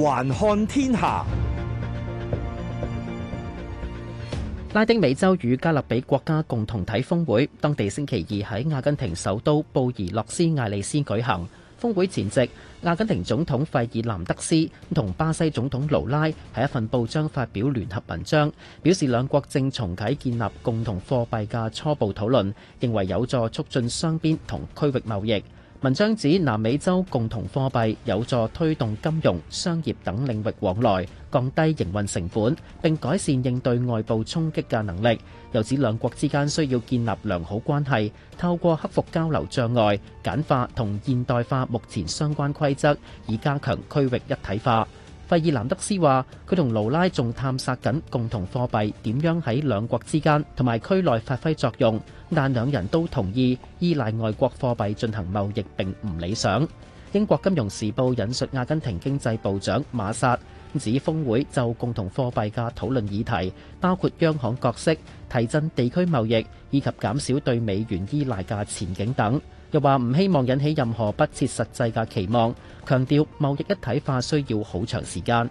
環看天下，拉丁美洲與加勒比國家共同體峰會，當地星期二喺阿根廷首都布宜諾斯艾利斯舉行。峰會前夕，阿根廷總統費爾南德斯同巴西總統盧拉喺一份報章發表聯合文章，表示兩國正重啟建立共同貨幣嘅初步討論，認為有助促進雙邊同區域貿易。文章指南美洲共同貨幣有助推動金融、商業等領域往來，降低營運成本，並改善應對外部衝擊嘅能力，又指兩國之間需要建立良好關係，透過克服交流障礙，簡化同現代化目前相關規則，以加強區域一體化。費爾南德斯話：佢同盧拉仲探索緊共同貨幣點樣喺兩國之間同埋區內發揮作用，但兩人都同意依賴外國貨幣進行貿易並唔理想。英國金融時報引述阿根廷經濟部長馬薩指，峰會就共同貨幣嘅討論議題，包括央行角色、提振地區貿易以及減少對美元依賴嘅前景等。又話唔希望引起任何不切實際嘅期望，強調貿易一體化需要好長時間。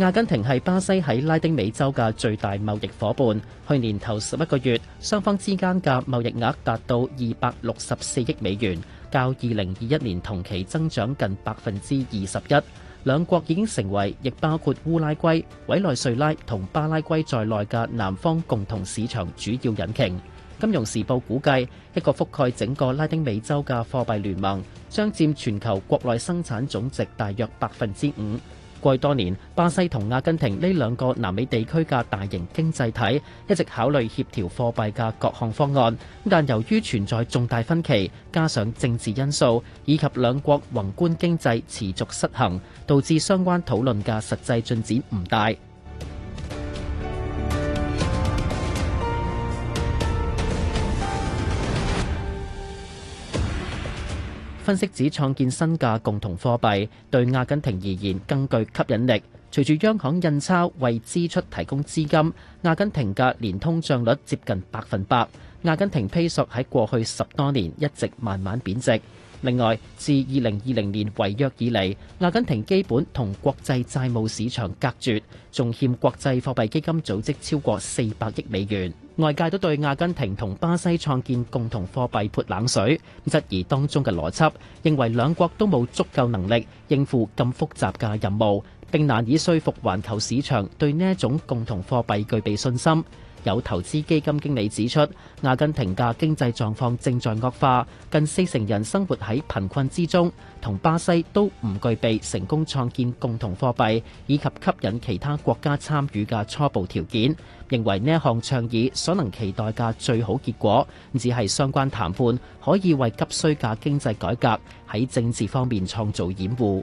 阿根廷係巴西喺拉丁美洲嘅最大貿易夥伴。去年頭十一個月，雙方之間嘅貿易額達到二百六十四億美元，較二零二一年同期增長近百分之二十一。兩國已經成為，亦包括烏拉圭、委內瑞拉同巴拉圭在內嘅南方共同市場主要引擎。金融時報估計，一個覆蓋整個拉丁美洲嘅貨幣聯盟將佔全球國內生產總值大約百分之五。近多年，巴西同阿根廷呢兩個南美地區嘅大型經濟體一直考慮協調貨幣嘅各項方案，但由於存在重大分歧，加上政治因素，以及兩國宏觀經濟持續失衡，導致相關討論嘅實際進展唔大。分析指，創建新嘅共同貨幣對阿根廷而言更具吸引力。隨住央行印鈔為支出提供資金，阿根廷嘅年通脹率接近百分百。阿根廷披索喺過去十多年一直慢慢貶值。另外，自二零二零年違約以嚟，阿根廷基本同國際債務市場隔絕，仲欠國際貨幣基金組織超過四百億美元。外界都對阿根廷同巴西創建共同貨幣潑冷水，質疑當中嘅邏輯，認為兩國都冇足夠能力應付咁複雜嘅任務，並難以說服環球市場對呢一種共同貨幣具備信心。有投資基金經理指出，阿根廷嘅經濟狀況正在惡化，近四成人生活喺貧困之中，同巴西都唔具備成功創建共同貨幣以及吸引其他國家參與嘅初步條件。認為呢項倡議所能期待嘅最好結果，只係相關談判可以為急需嘅經濟改革喺政治方面創造掩護。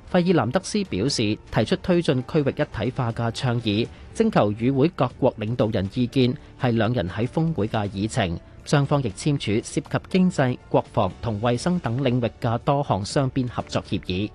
費爾南德斯表示，提出推進區域一體化嘅倡議，徵求與會各國領導人意見，係兩人喺峰會嘅議程。雙方亦簽署涉及經濟、國防同衛生等領域嘅多項雙邊合作協議。